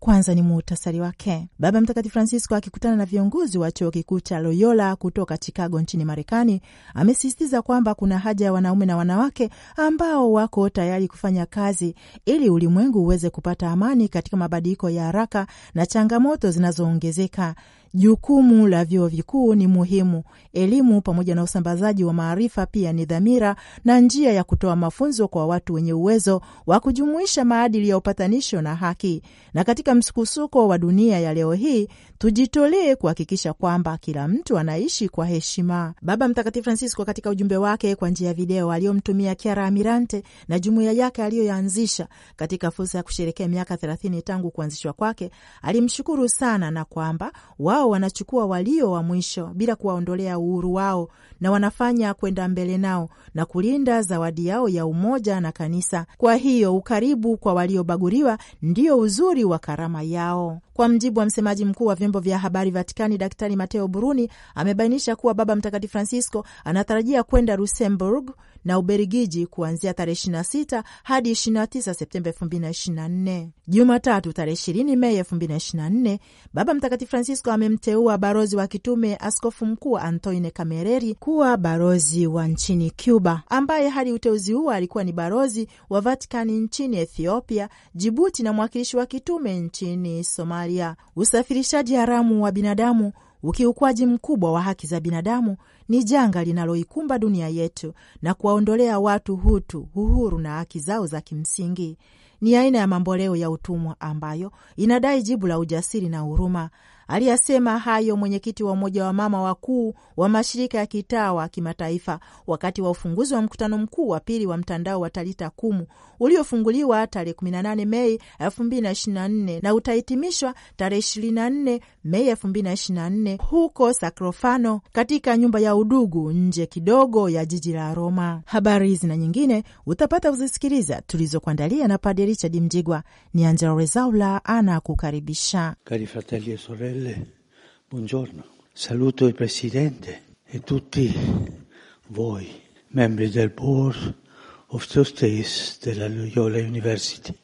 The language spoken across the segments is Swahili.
Kwanza ni muhtasari wake. Baba Mtakatifu Francisco akikutana na viongozi wa chuo kikuu cha Loyola kutoka Chicago nchini Marekani amesisitiza kwamba kuna haja ya wanaume na wanawake ambao wako tayari kufanya kazi ili ulimwengu uweze kupata amani katika mabadiliko ya haraka na changamoto zinazoongezeka. Jukumu la vyuo vikuu ni muhimu. Elimu pamoja na usambazaji wa maarifa pia ni dhamira na njia ya kutoa mafunzo kwa watu wenye uwezo wa kujumuisha maadili ya upatanisho na haki na katika katika msukusuko wa dunia ya leo hii, tujitolee kuhakikisha kwamba kila mtu anaishi kwa heshima. Baba Mtakatifu Francisco katika ujumbe wake kwa njia ya video aliyomtumia Kiara Amirante na jumuiya yake aliyoyaanzisha katika fursa ya kusherekea miaka thelathini tangu kuanzishwa kwake, alimshukuru sana na kwamba wao wanachukua walio wa mwisho bila kuwaondolea uhuru wao na wanafanya kwenda mbele nao na kulinda zawadi yao ya umoja na kanisa. Kwa hiyo ukaribu kwa waliobaguliwa ndio uzuri wa gharama yao. Kwa mjibu wa msemaji mkuu wa vyombo vya habari Vatikani, Daktari Mateo Bruni amebainisha kuwa Baba Mtakatifu Francisco anatarajia kwenda Luxembourg na uberigiji kuanzia tarehe 26 hadi 29 Septemba 2024. Jumatatu tarehe 20 Mei 2024, Baba Mtakatifu Francisco amemteua barozi wa kitume Askofu Mkuu Antoine camereri kuwa barozi wa nchini Cuba, ambaye hadi uteuzi huo alikuwa ni barozi wa Vatikani nchini Ethiopia, Jibuti na mwakilishi wa kitume nchini Somalia. Usafirishaji haramu wa binadamu Ukiukwaji mkubwa wa haki za binadamu ni janga linaloikumba dunia yetu na kuwaondolea watu hutu, uhuru na haki zao za kimsingi. Ni aina ya mamboleo ya utumwa ambayo inadai jibu la ujasiri na huruma, Aliyasema hayo mwenyekiti wa Umoja wa Mama Wakuu wa mashirika ya kitawa kimataifa wakati wa ufunguzi wa mkutano mkuu wa pili wa mtandao wa Talita Kumu uliofunguliwa tarehe 18 Mei 2024 na utahitimishwa tarehe 24 Mei 2024 huko Sacrofano katika nyumba ya udugu nje kidogo ya jiji la Roma. Habari hizi na nyingine utapata kuzisikiliza tulizokuandalia na Padre Richard Mjigwa. Ni Angela Rezaula anakukaribisha. Cari fratelli e sorelle sorelle, buongiorno. Saluto il Presidente e tutti voi, membri del Board of Trustees della Loyola University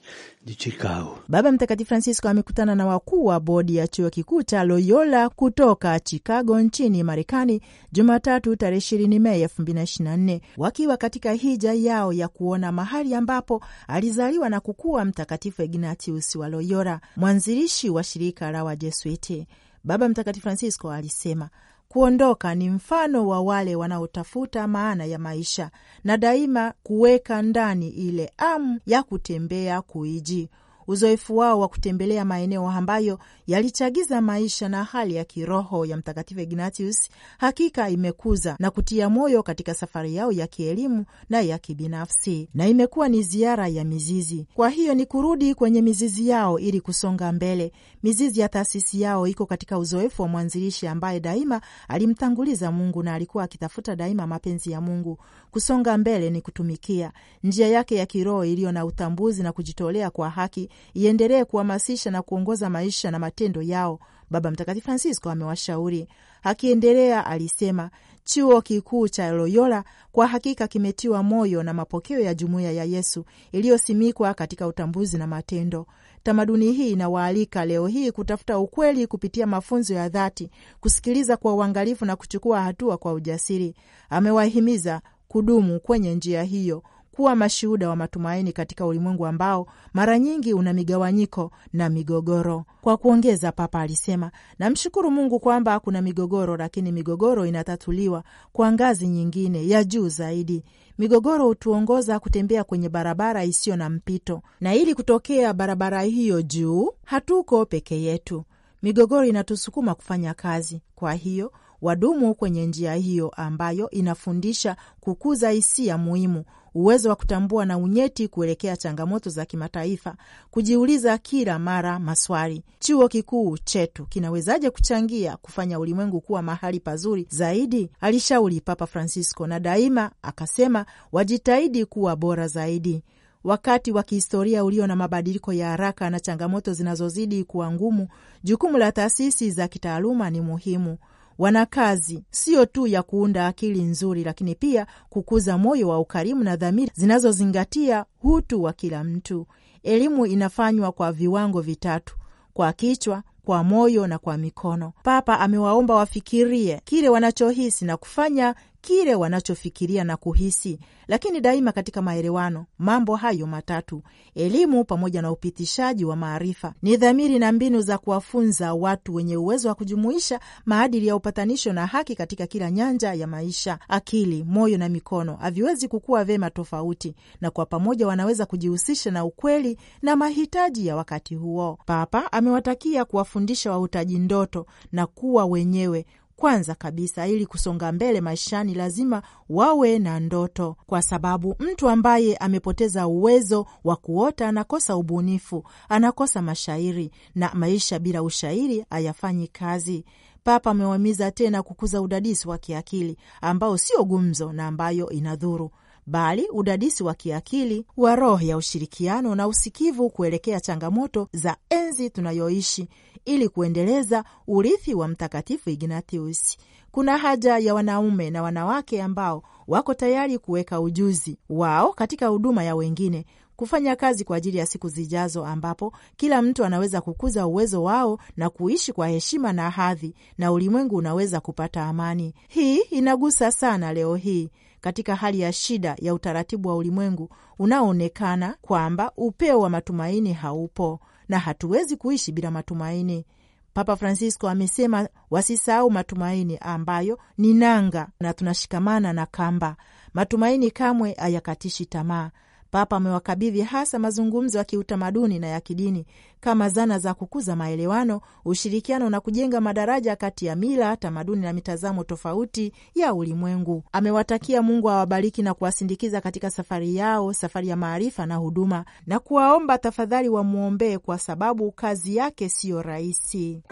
Chicago. Baba Mtakatifu Francisco amekutana na wakuu wa bodi ya chuo kikuu cha Loyola kutoka Chicago nchini Marekani Jumatatu tarehe 20 Mei 2024 wakiwa katika hija yao ya kuona mahali ambapo alizaliwa na kukua Mtakatifu Ignatius wa Loyola, mwanzilishi wa shirika la Wajesuiti. Baba Mtakatifu Francisco alisema Kuondoka ni mfano wa wale wanaotafuta maana ya maisha na daima kuweka ndani ile amu ya kutembea kuiji uzoefu wao wa kutembelea maeneo ambayo yalichagiza maisha na hali ya kiroho ya Mtakatifu Ignatius hakika imekuza na kutia moyo katika safari yao ya kielimu na ya kibinafsi, na imekuwa ni ziara ya mizizi. Kwa hiyo ni kurudi kwenye mizizi yao ili kusonga mbele. Mizizi ya taasisi yao iko katika uzoefu wa mwanzilishi ambaye daima alimtanguliza Mungu na alikuwa akitafuta daima mapenzi ya Mungu. Kusonga mbele ni kutumikia njia yake ya kiroho iliyo na utambuzi na kujitolea kwa haki iendelee kuhamasisha na kuongoza maisha na matendo yao. Baba Mtakatifu Francisco amewashauri. Akiendelea alisema, chuo kikuu cha Loyola kwa hakika kimetiwa moyo na mapokeo ya jumuiya ya Yesu iliyosimikwa katika utambuzi na matendo. Tamaduni hii inawaalika leo hii kutafuta ukweli kupitia mafunzo ya dhati, kusikiliza kwa uangalifu na kuchukua hatua kwa ujasiri. Amewahimiza kudumu kwenye njia hiyo kuwa mashuhuda wa matumaini katika ulimwengu ambao mara nyingi una migawanyiko na migogoro. Kwa kuongeza, Papa alisema, namshukuru Mungu kwamba kuna migogoro, lakini migogoro inatatuliwa kwa ngazi nyingine ya juu zaidi. Migogoro hutuongoza kutembea kwenye barabara isiyo na mpito, na ili kutokea barabara hiyo juu, hatuko peke yetu. Migogoro inatusukuma kufanya kazi. Kwa hiyo wadumu kwenye njia hiyo ambayo inafundisha kukuza hisia muhimu uwezo wa kutambua na unyeti kuelekea changamoto za kimataifa, kujiuliza kila mara maswali: chuo kikuu chetu kinawezaje kuchangia kufanya ulimwengu kuwa mahali pazuri zaidi? Alishauri Papa Francisco, na daima akasema wajitahidi kuwa bora zaidi. Wakati wa kihistoria ulio na mabadiliko ya haraka na changamoto zinazozidi kuwa ngumu, jukumu la taasisi za kitaaluma ni muhimu wana kazi siyo tu ya kuunda akili nzuri, lakini pia kukuza moyo wa ukarimu na dhamiri zinazozingatia utu wa kila mtu. Elimu inafanywa kwa viwango vitatu: kwa kichwa, kwa moyo na kwa mikono. Papa amewaomba wafikirie kile wanachohisi na kufanya kile wanachofikiria na kuhisi, lakini daima katika maelewano. Mambo hayo matatu, elimu pamoja na upitishaji wa maarifa, ni dhamiri na mbinu za kuwafunza watu wenye uwezo wa kujumuisha maadili ya upatanisho na haki katika kila nyanja ya maisha. Akili, moyo na mikono haviwezi kukua vema tofauti, na kwa pamoja wanaweza kujihusisha na ukweli na mahitaji ya wakati huo. Papa amewatakia kuwafundisha wahutaji ndoto na kuwa wenyewe kwanza kabisa, ili kusonga mbele maishani lazima wawe na ndoto, kwa sababu mtu ambaye amepoteza uwezo wa kuota anakosa ubunifu, anakosa mashairi, na maisha bila ushairi hayafanyi kazi. Papa amewahimiza tena kukuza udadisi wa kiakili ambao sio gumzo na ambayo inadhuru bali udadisi wa kiakili wa roho ya ushirikiano na usikivu kuelekea changamoto za enzi tunayoishi ili kuendeleza urithi wa Mtakatifu Ignatius. Kuna haja ya wanaume na wanawake ambao wako tayari kuweka ujuzi wao katika huduma ya wengine, kufanya kazi kwa ajili ya siku zijazo, ambapo kila mtu anaweza kukuza uwezo wao na kuishi kwa heshima na hadhi, na ulimwengu unaweza kupata amani. Hii inagusa sana leo hii katika hali ya shida ya utaratibu wa ulimwengu unaoonekana kwamba upeo wa matumaini haupo na hatuwezi kuishi bila matumaini. Papa Francisco amesema wasisahau matumaini ambayo ni nanga, na tunashikamana na kamba. Matumaini kamwe hayakatishi tamaa, Papa amewakabidhi hasa mazungumzo ya kiutamaduni na ya kidini kama zana za kukuza maelewano, ushirikiano na kujenga madaraja kati ya mila, tamaduni na mitazamo tofauti ya ulimwengu. Amewatakia Mungu awabariki na kuwasindikiza katika safari yao, safari ya maarifa na huduma, na kuwaomba tafadhali wamwombee kwa sababu kazi yake siyo rahisi.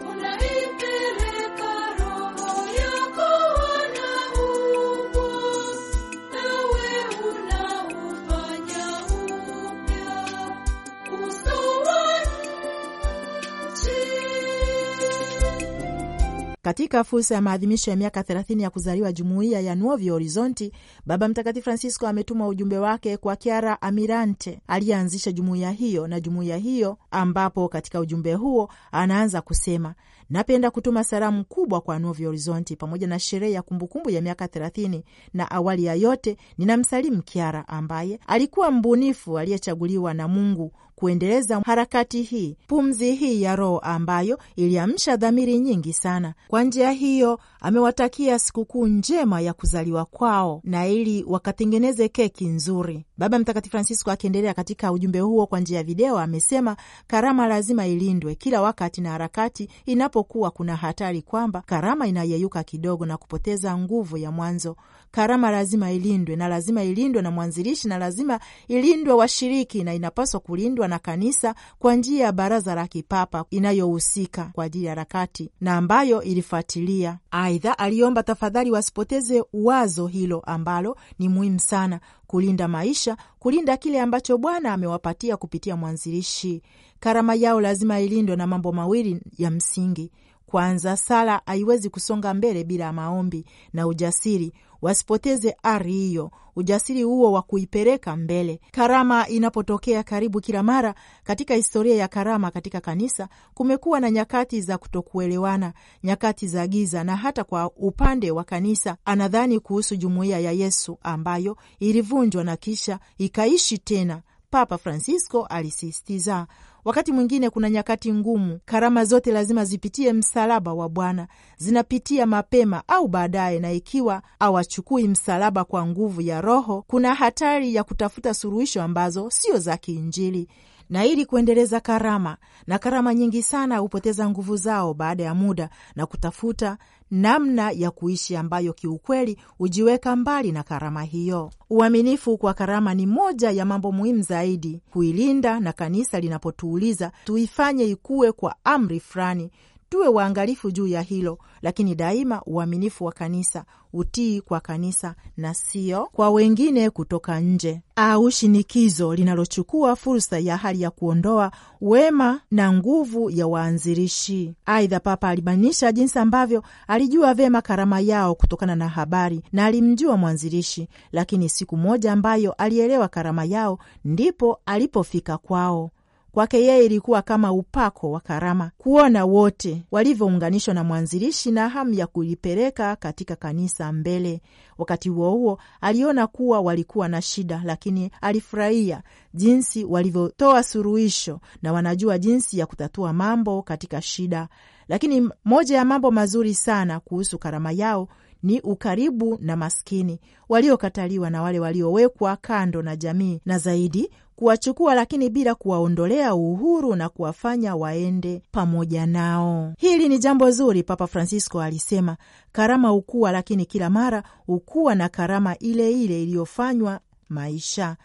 Katika fursa ya maadhimisho ya miaka 30 ya kuzaliwa jumuiya ya Nuovi Horizonti, Baba Mtakatifu Francisco ametuma ujumbe wake kwa Kiara Amirante aliyeanzisha jumuiya hiyo na jumuiya hiyo, ambapo katika ujumbe huo anaanza kusema, napenda kutuma salamu kubwa kwa Nuovi Horizonti pamoja na sherehe ya kumbukumbu ya miaka thelathini, na awali ya yote ninamsalimu Kiara ambaye alikuwa mbunifu aliyechaguliwa na Mungu kuendeleza harakati hii, pumzi hii ya Roho ambayo iliamsha dhamiri nyingi sana. Kwa njia hiyo amewatakia sikukuu njema ya kuzaliwa kwao na ili wakatengeneze keki nzuri. Baba Mtakatifu Francisco akiendelea katika ujumbe huo kwa njia ya video amesema, karama lazima ilindwe kila wakati na harakati inapokuwa kuna hatari kwamba karama inayeyuka kidogo na kupoteza nguvu ya mwanzo. Karama lazima ilindwe na lazima ilindwe na mwanzilishi na lazima ilindwe washiriki, na inapaswa kulindwa na kanisa kwa njia ya baraza la kipapa inayohusika kwa ajili ya harakati na ambayo ilifuatilia. Aidha, aliomba tafadhali wasipoteze wazo hilo ambalo ni muhimu sana kulinda maisha, kulinda kile ambacho Bwana amewapatia kupitia mwanzilishi. Karama yao lazima ilindwe na mambo mawili ya msingi. Kwanza, sala haiwezi kusonga mbele bila maombi na ujasiri wasipoteze ari hiyo, ujasiri huo wa kuipeleka mbele. Karama inapotokea karibu kila mara katika historia ya karama katika kanisa, kumekuwa na nyakati za kutokuelewana, nyakati za giza, na hata kwa upande wa kanisa anadhani kuhusu jumuiya ya Yesu ambayo ilivunjwa na kisha ikaishi tena. Papa Francisco alisisitiza Wakati mwingine kuna nyakati ngumu. Karama zote lazima zipitie msalaba wa Bwana, zinapitia mapema au baadaye, na ikiwa hawachukui msalaba kwa nguvu ya Roho, kuna hatari ya kutafuta suluhisho ambazo sio za kiinjili na ili kuendeleza karama, na karama nyingi sana hupoteza nguvu zao baada ya muda na kutafuta namna ya kuishi ambayo kiukweli hujiweka mbali na karama hiyo. Uaminifu kwa karama ni moja ya mambo muhimu zaidi kuilinda, na kanisa linapotuuliza tuifanye ikuwe kwa amri fulani, Tuwe waangalifu juu ya hilo, lakini daima uaminifu wa kanisa, utii kwa kanisa na sio kwa wengine kutoka nje au shinikizo linalochukua fursa ya hali ya kuondoa wema na nguvu ya waanzilishi. Aidha, Papa alibainisha jinsi ambavyo alijua vema karama yao kutokana na habari na alimjua mwanzilishi, lakini siku moja ambayo alielewa karama yao ndipo alipofika kwao. Kwake yeye ilikuwa kama upako wa karama kuona wote walivyounganishwa na mwanzilishi na hamu ya kulipeleka katika kanisa mbele. Wakati huo huo, aliona kuwa walikuwa na shida, lakini alifurahia jinsi walivyotoa suluhisho na wanajua jinsi ya kutatua mambo katika shida. Lakini moja ya mambo mazuri sana kuhusu karama yao ni ukaribu na maskini, waliokataliwa na wale waliowekwa kando na jamii, na zaidi kuwachukua lakini bila kuwaondolea uhuru na kuwafanya waende pamoja nao. Hili ni jambo zuri, Papa Francisco alisema. Karama hukua, lakini kila mara hukua na karama ile ile iliyofanywa maisha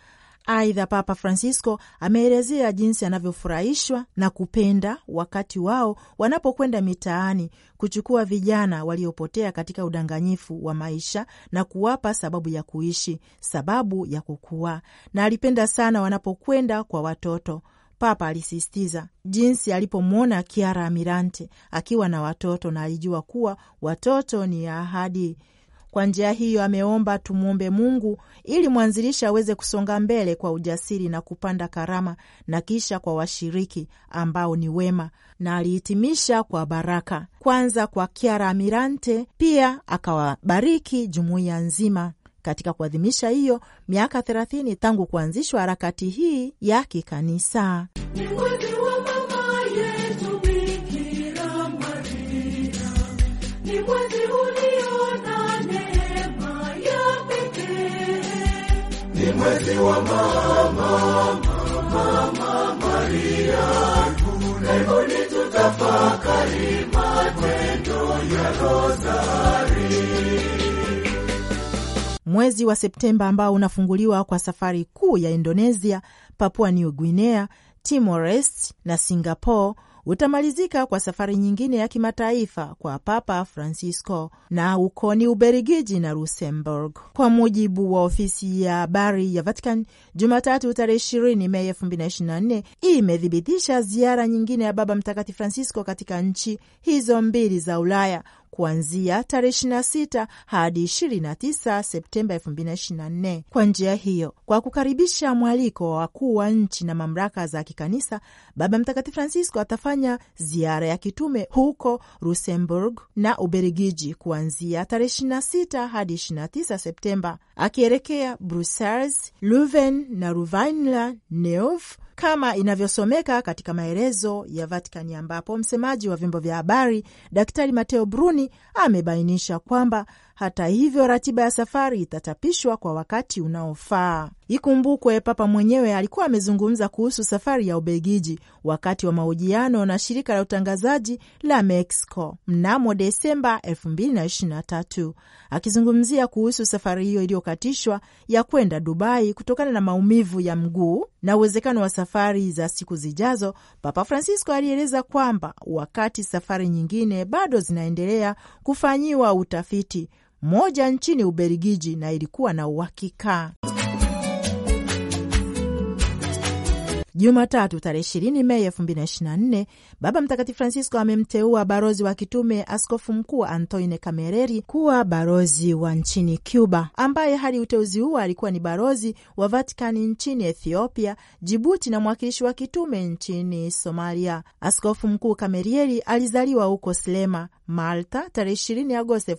Aidha, Papa Francisco ameelezea jinsi anavyofurahishwa na kupenda wakati wao wanapokwenda mitaani kuchukua vijana waliopotea katika udanganyifu wa maisha na kuwapa sababu ya kuishi, sababu ya kukua, na alipenda sana wanapokwenda kwa watoto. Papa alisisitiza jinsi alipomwona Kiara Amirante akiwa na watoto, na alijua kuwa watoto ni ahadi kwa njia hiyo ameomba tumwombe Mungu ili mwanzilishi aweze kusonga mbele kwa ujasiri na kupanda karama na kisha kwa washiriki ambao ni wema, na alihitimisha kwa baraka kwanza kwa Kiara Amirante. Pia akawabariki jumuiya nzima katika kuadhimisha hiyo miaka 30 tangu kuanzishwa harakati hii ya kikanisa. mama, mama Maria, matendo ya Rozari. Mwezi wa Septemba ambao unafunguliwa kwa safari kuu ya Indonesia, Papua New Guinea, Timor na Singapore utamalizika kwa safari nyingine ya kimataifa kwa Papa Francisco na uko ni Uberigiji na Lusemburg. kwa mujibu wa ofisi ya habari ya Vatican. Jumatatu tarehe ishirini Mei 2024 imethibitisha ziara nyingine ya Baba Mtakatifu Francisco katika nchi hizo mbili za Ulaya kuanzia tarehe 26 hadi 29 Septemba 2024. Kwa njia hiyo, kwa kukaribisha mwaliko wa wakuu wa nchi na mamlaka za kikanisa, Baba Mtakatifu Francisco atafanya ziara ya kitume huko Luxembourg na Ubelgiji kuanzia tarehe 26 hadi 29 Septemba, akielekea Brussels, Leuven na Louvain-la-Neuve kama inavyosomeka katika maelezo ya Vatikani, ambapo msemaji wa vyombo vya habari Daktari Mateo Bruni amebainisha kwamba hata hivyo, ratiba ya safari itachapishwa kwa wakati unaofaa. Ikumbukwe Papa mwenyewe alikuwa amezungumza kuhusu safari ya Ubelgiji wakati wa mahojiano na shirika la utangazaji la Mexico mnamo Desemba 2023 akizungumzia kuhusu safari hiyo iliyokatishwa ya kwenda Dubai kutokana na maumivu ya mguu na uwezekano wa safari za siku zijazo. Papa Francisco alieleza kwamba wakati safari nyingine bado zinaendelea kufanyiwa utafiti moja nchini Ubelgiji na ilikuwa na uhakika Jumatatu tarehe ishirini Mei nne Baba Mtakatifu Francisco amemteua barozi wa kitume Askofu Mkuu Antoine camereri kuwa barozi wa nchini Cuba, ambaye hadi uteuzi huo alikuwa ni barozi wa Vatikani nchini Ethiopia, Jibuti na mwakilishi wa kitume nchini Somalia. Askofu Mkuu camerieri alizaliwa huko Slema, Malta tarehe ishirini Agosti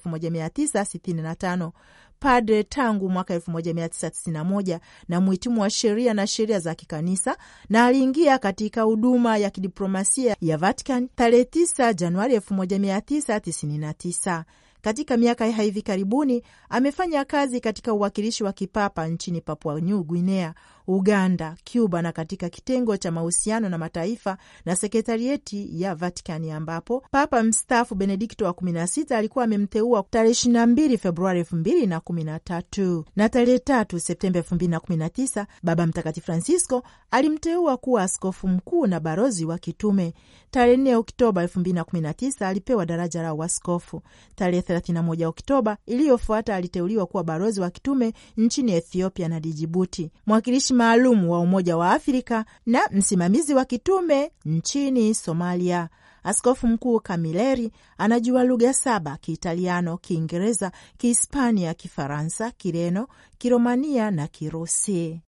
tano padre tangu mwaka 1991 na mhitimu wa sheria na sheria za kikanisa, na aliingia katika huduma ya kidiplomasia ya Vatican tarehe 9 Januari 1999. Katika miaka ya hivi karibuni amefanya kazi katika uwakilishi wa kipapa nchini Papua New Guinea Uganda, Cuba na katika kitengo cha mahusiano na mataifa na sekretarieti ya Vaticani, ambapo Papa mstaafu Benedikto wa 16 alikuwa amemteua tarehe 22 Februari 2013 na na tarehe 3 Septemba 2019 Baba Mtakatifu Francisco alimteua kuwa askofu mkuu na barozi wa kitume. Tarehe 4 Oktoba 2019 alipewa daraja la uaskofu. Tarehe 31 Oktoba iliyofuata aliteuliwa kuwa barozi wa kitume nchini Ethiopia na Dijibuti. Mwakilishi maalum wa Umoja wa Afrika na msimamizi wa kitume nchini Somalia. Askofu Mkuu Kamileri anajua lugha saba: Kiitaliano, Kiingereza, Kihispania, Kifaransa, Kireno, Kiromania na Kirusi.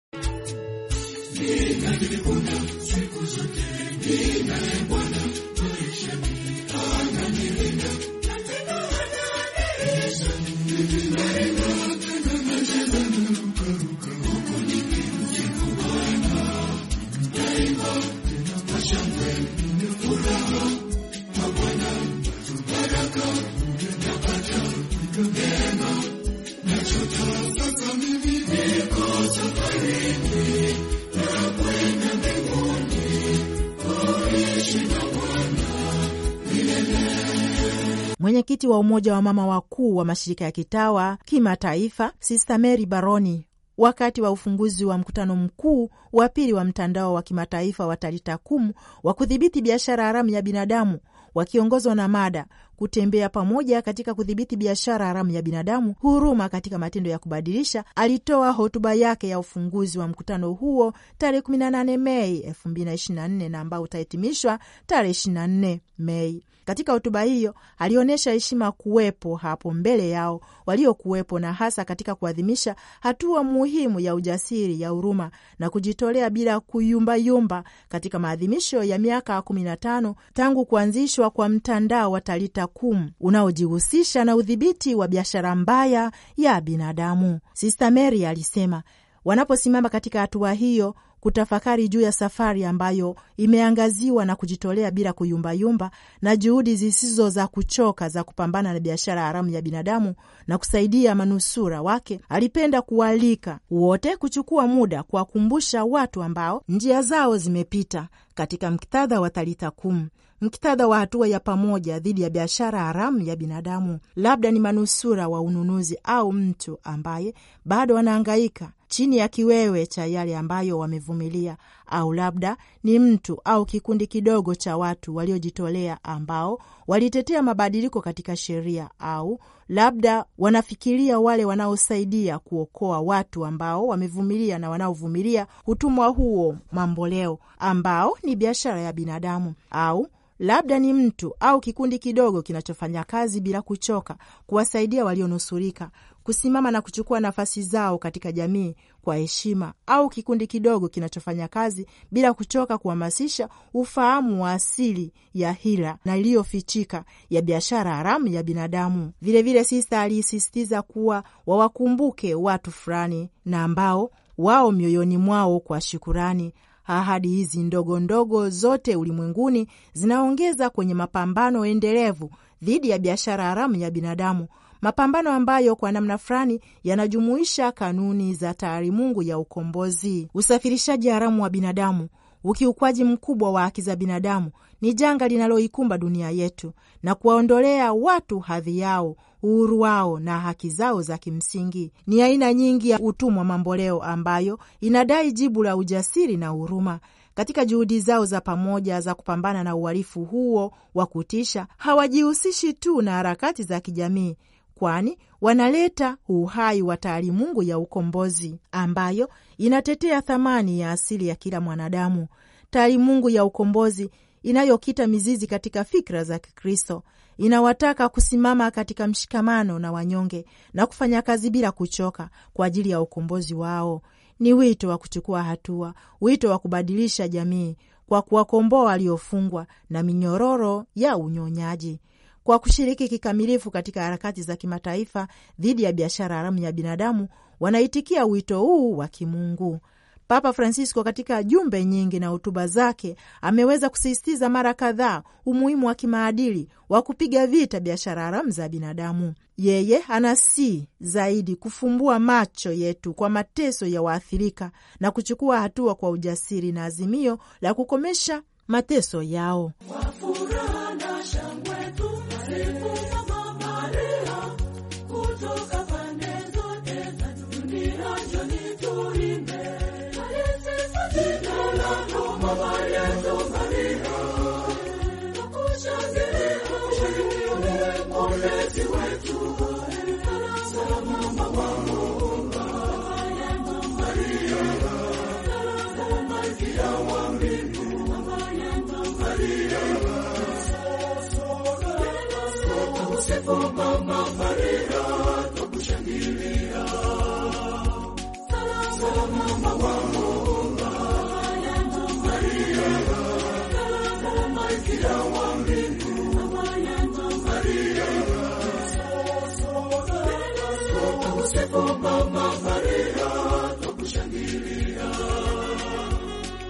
Mwenyekiti wa Umoja wa Mama Wakuu wa Mashirika ya Kitawa Kimataifa, Sista Mary Baroni wakati wa ufunguzi wa mkutano mkuu wa pili wa mtandao wa kimataifa wa Talitakumu wa kudhibiti biashara haramu ya binadamu wakiongozwa na mada kutembea pamoja katika kudhibiti biashara haramu ya binadamu, huruma katika matendo ya kubadilisha. Alitoa hotuba yake ya ufunguzi wa mkutano huo tarehe 18 Mei 2024 na ambao utahitimishwa tarehe 24 Mei. Katika hotuba hiyo alionyesha heshima kuwepo hapo mbele yao waliokuwepo, na hasa katika kuadhimisha hatua muhimu ya ujasiri, ya huruma na kujitolea bila kuyumbayumba katika maadhimisho ya miaka kumi na tano tangu kuanzishwa kwa mtandao wa Talita Kum unaojihusisha na udhibiti wa biashara mbaya ya binadamu. Sista Mary alisema wanaposimama katika hatua hiyo kutafakari juu ya safari ambayo imeangaziwa na kujitolea bila kuyumbayumba na juhudi zisizo za kuchoka za kupambana na biashara haramu ya binadamu na kusaidia manusura wake, alipenda kualika wote kuchukua muda kuwakumbusha watu ambao njia zao zimepita katika mktadha wa Talitha Kum, mktadha wa hatua ya pamoja dhidi ya biashara haramu ya binadamu. Labda ni manusura wa ununuzi au mtu ambaye bado anaangaika chini ya kiwewe cha yale ambayo wamevumilia, au labda ni mtu au kikundi kidogo cha watu waliojitolea ambao walitetea mabadiliko katika sheria, au labda wanafikiria wale wanaosaidia kuokoa watu ambao wamevumilia na wanaovumilia utumwa huo mamboleo, ambao ni biashara ya binadamu au labda ni mtu au kikundi kidogo kinachofanya kazi bila kuchoka kuwasaidia walionusurika kusimama na kuchukua nafasi zao katika jamii kwa heshima, au kikundi kidogo kinachofanya kazi bila kuchoka kuhamasisha ufahamu wa asili ya hila na iliyofichika ya biashara haramu ya binadamu. Vilevile, sista alisisitiza kuwa wawakumbuke watu fulani na ambao wao mioyoni mwao kwa shukurani Ahadi hizi ndogo ndogo zote ulimwenguni zinaongeza kwenye mapambano endelevu dhidi ya biashara haramu ya binadamu mapambano ambayo kwa namna fulani yanajumuisha kanuni za Mungu ya ukombozi. Usafirishaji haramu wa binadamu, ukiukwaji mkubwa wa haki za binadamu ni janga linaloikumba dunia yetu na kuwaondolea watu hadhi yao uhuru wao na haki zao za kimsingi. Ni aina nyingi ya utumwa mamboleo ambayo inadai jibu la ujasiri na huruma. Katika juhudi zao za pamoja za kupambana na uhalifu huo wa kutisha, hawajihusishi tu na harakati za kijamii, kwani wanaleta uhai wa taalimungu ya ukombozi ambayo inatetea thamani ya asili ya kila mwanadamu, taalimungu ya ukombozi inayokita mizizi katika fikra za Kikristo inawataka kusimama katika mshikamano na wanyonge na kufanya kazi bila kuchoka kwa ajili ya ukombozi wao. Ni wito wa kuchukua hatua, wito wa kubadilisha jamii kwa kuwakomboa waliofungwa na minyororo ya unyonyaji kwa kushiriki kikamilifu katika harakati za kimataifa dhidi ya biashara haramu ya binadamu wanaitikia wito huu wa kimungu. Papa Francisco katika jumbe nyingi na hotuba zake ameweza kusisitiza mara kadhaa umuhimu wa kimaadili wa kupiga vita biashara haramu za binadamu. Yeye anasi zaidi kufumbua macho yetu kwa mateso ya waathirika na kuchukua hatua kwa ujasiri na azimio la kukomesha mateso yao Wafura. Mama, Mama.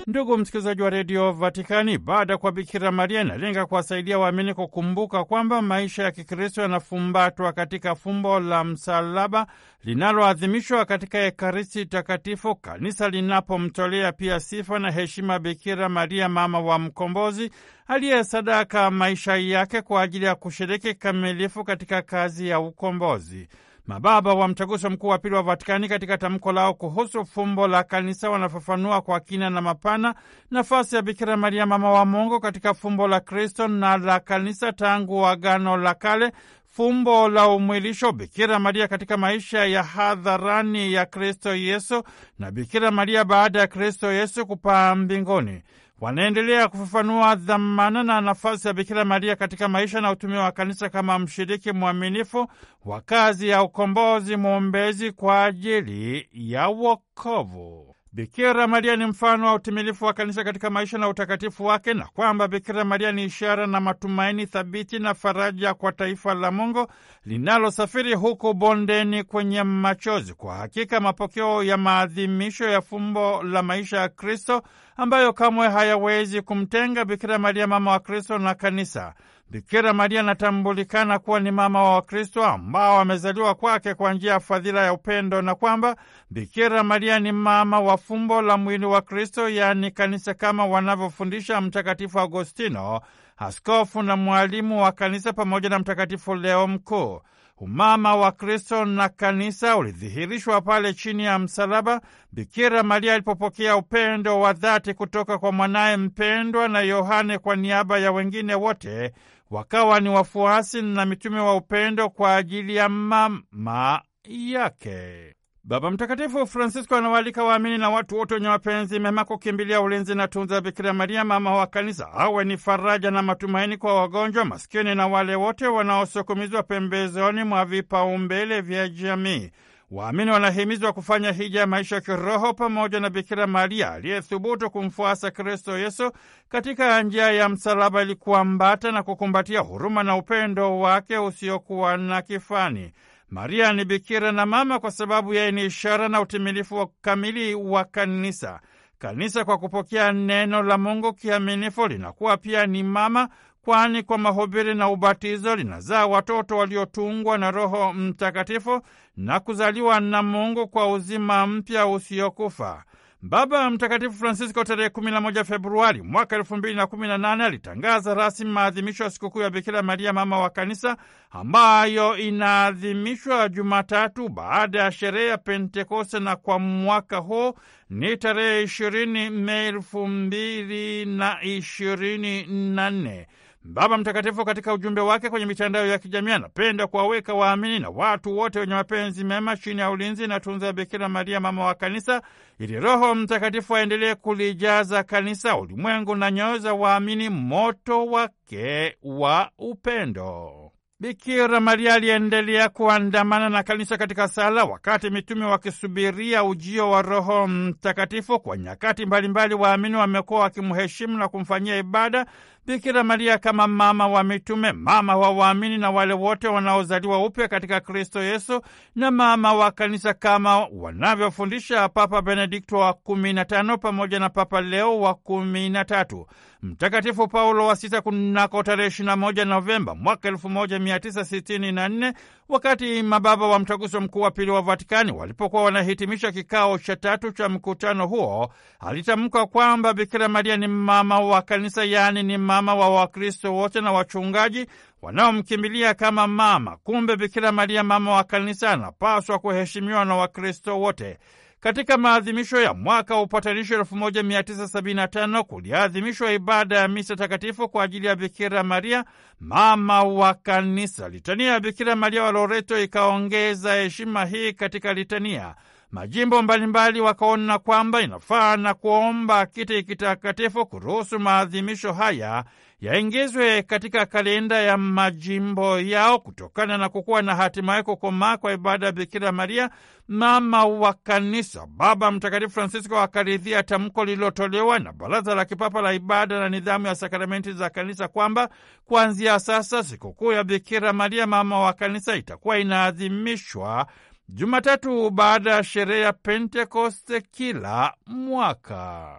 Ndugu msikilizaji wa redio Vatikani, baada kwa Bikira Maria inalenga kuwasaidia waamini kukumbuka kwamba maisha ya Kikristo yanafumbatwa katika fumbo la msalaba linaloadhimishwa katika Ekaristi Takatifu, kanisa linapomtolea pia sifa na heshima Bikira Maria, mama wa Mkombozi, aliyesadaka maisha yake kwa ajili ya kushiriki kikamilifu katika kazi ya ukombozi. Mababa wa Mtaguso Mkuu wa Pili wa Vatikani katika tamko lao kuhusu fumbo la Kanisa wanafafanua kwa kina na mapana nafasi ya Bikira Maria mama wa Mungu katika fumbo la Kristo na la Kanisa tangu Agano la Kale, fumbo la umwilisho, Bikira Maria katika maisha ya hadharani ya Kristo Yesu na Bikira Maria baada ya Kristo Yesu kupaa mbinguni wanaendelea kufafanua dhamana na nafasi ya Bikira Maria katika maisha na utumia wa kanisa kama mshiriki mwaminifu wa kazi ya ukombozi, mwombezi kwa ajili ya wokovu. Bikira Maria ni mfano wa utimilifu wa kanisa katika maisha na utakatifu wake, na kwamba Bikira Maria ni ishara na matumaini thabiti na faraja kwa taifa la Mungu linalosafiri huku bondeni kwenye machozi. Kwa hakika mapokeo ya maadhimisho ya fumbo la maisha ya Kristo ambayo kamwe hayawezi kumtenga Bikira Maria mama wa Kristo na kanisa. Bikira Maria anatambulikana kuwa ni mama wa Wakristo ambao wamezaliwa kwake kwa njia ya fadhila ya upendo na kwamba Bikira Maria ni mama wa fumbo la mwili wa Kristo, yaani kanisa, kama wanavyofundisha Mtakatifu Agostino, askofu na mwalimu wa kanisa, pamoja na Mtakatifu Leo Mkuu. Umama wa Kristo na kanisa ulidhihirishwa pale chini ya msalaba, Bikira Maria alipopokea upendo wa dhati kutoka kwa mwanaye mpendwa, na Yohane kwa niaba ya wengine wote wakawa ni wafuasi na mitume wa upendo kwa ajili ya mama yake. Baba Mtakatifu Francisco anawaalika waamini na watu wote wenye mapenzi mema kukimbilia ulinzi na tunza Bikira Maria, mama wa Kanisa, awe ni faraja na matumaini kwa wagonjwa, maskini na wale wote wanaosukumizwa pembezoni mwa vipaumbele vya jamii. Waamini wanahimizwa kufanya hija ya maisha ya kiroho pamoja na Bikira Maria aliyethubutu kumfuasa Kristo Yesu katika njia ya msalaba ili kuambata na kukumbatia huruma na upendo wake usiokuwa na kifani. Maria ni bikira na mama kwa sababu yeye ni ishara na utimilifu wa kamili wa kanisa. Kanisa kwa kupokea neno la Mungu kiaminifu linakuwa pia ni mama, kwani kwa mahubiri na ubatizo linazaa watoto waliotungwa na Roho Mtakatifu na kuzaliwa na Mungu kwa uzima mpya usiokufa. Baba Mtakatifu Francisco tarehe 11 Februari mwaka 2018 alitangaza rasmi maadhimisho ya sikukuu ya Bikira Maria mama wa Kanisa ambayo inaadhimishwa Jumatatu baada ya sherehe ya Pentekoste, na kwa mwaka huu ni tarehe 20 Mei 2024. Baba Mtakatifu katika ujumbe wake kwenye mitandao ya kijamii anapenda kuwaweka waamini na watu wote wenye mapenzi mema chini ya ulinzi na tunza ya Bikira Maria, mama wa Kanisa, ili Roho Mtakatifu aendelee kulijaza Kanisa, ulimwengu na nyoyo za waamini moto wake wa upendo. Bikira Maria aliendelea kuandamana na kanisa katika sala, wakati mitume wakisubiria ujio wa Roho Mtakatifu. Kwa nyakati mbalimbali, waamini wamekuwa wakimheshimu na kumfanyia ibada Bikira Maria kama mama wa mitume, mama wa waamini na wale wote wanaozaliwa upya katika Kristo Yesu, na mama wa kanisa kama wanavyofundisha Papa Benedikto wa kumi na tano pamoja na Papa Leo wa kumi na tatu. Mtakatifu Paulo wa Sita kunako tarehe 21 Novemba mwaka 1964 wakati mababa wa mtaguso mkuu wa pili wa Vatikani walipokuwa wanahitimisha kikao cha tatu cha mkutano huo, alitamka kwamba Bikira Maria ni mama wa kanisa, yaani ni mama wa Wakristo wote na wachungaji wanaomkimbilia kama mama. Kumbe Bikira Maria mama wa kanisa anapaswa kuheshimiwa na Wakristo wote katika maadhimisho ya mwaka wa upatanisho 1975 kuliadhimishwa ibada ya misa takatifu kwa ajili ya Bikira Maria, mama wa Kanisa. Litania ya Bikira Maria wa Loreto ikaongeza heshima hii katika litania. Majimbo mbalimbali wakaona kwamba inafaa na kuomba kiti kitakatifu kuruhusu maadhimisho haya yaingizwe katika kalenda ya majimbo yao kutokana na kukuwa na hatimaye kukomaa kwa ibada ya Bikira Maria mama wa Kanisa. Baba Mtakatifu Francisco akaridhia tamko lililotolewa na Baraza la Kipapa la Ibada na Nidhamu ya Sakramenti za Kanisa kwamba kuanzia sasa sikukuu ya Bikira Maria mama wa Kanisa itakuwa inaadhimishwa Jumatatu baada ya sherehe ya Pentekoste kila mwaka.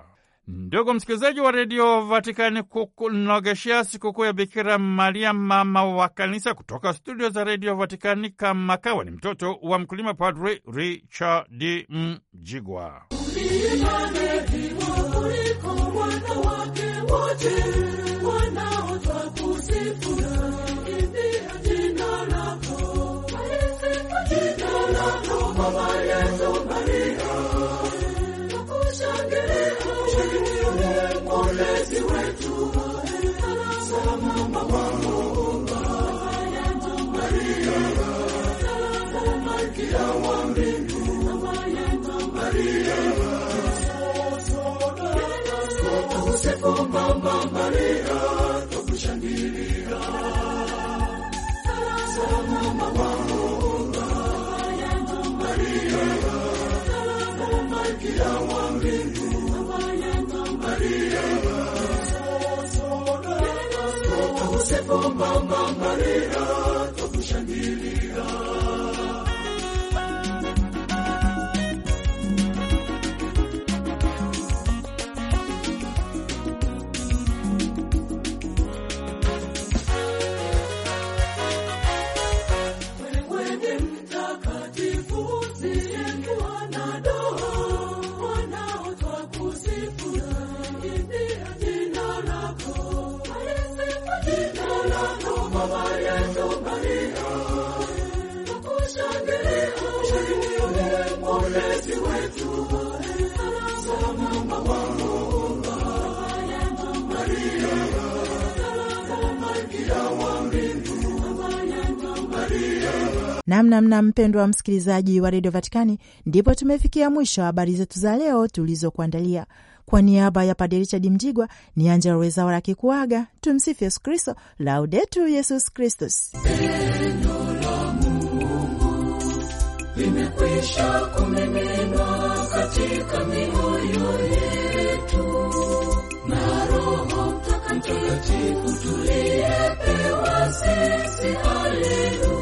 Ndugu msikilizaji wa redio Vatikani, kukunogeshea sikukuu ya Bikira Maria, mama wa kanisa, kutoka studio za redio Vatikani. Kama kawa ni mtoto wa mkulima, Padri Richard Mjigwa. mlezi wetu, salama Muumba, Maria, Josefu Mama Maria Shangilia, shangilia, mwokozi wetu. namnamna. Mpendwa msikilizaji wa redio Vatikani, ndipo tumefikia mwisho wa habari zetu za leo tulizokuandalia. Kwa niaba ya Padre Richard Mjigwa ni Angela Rwezaura akikuaga. Tumsifu Yesu Kristo, Laudetur Yesus Kristus. tuliyepewa sisi. Haleluya.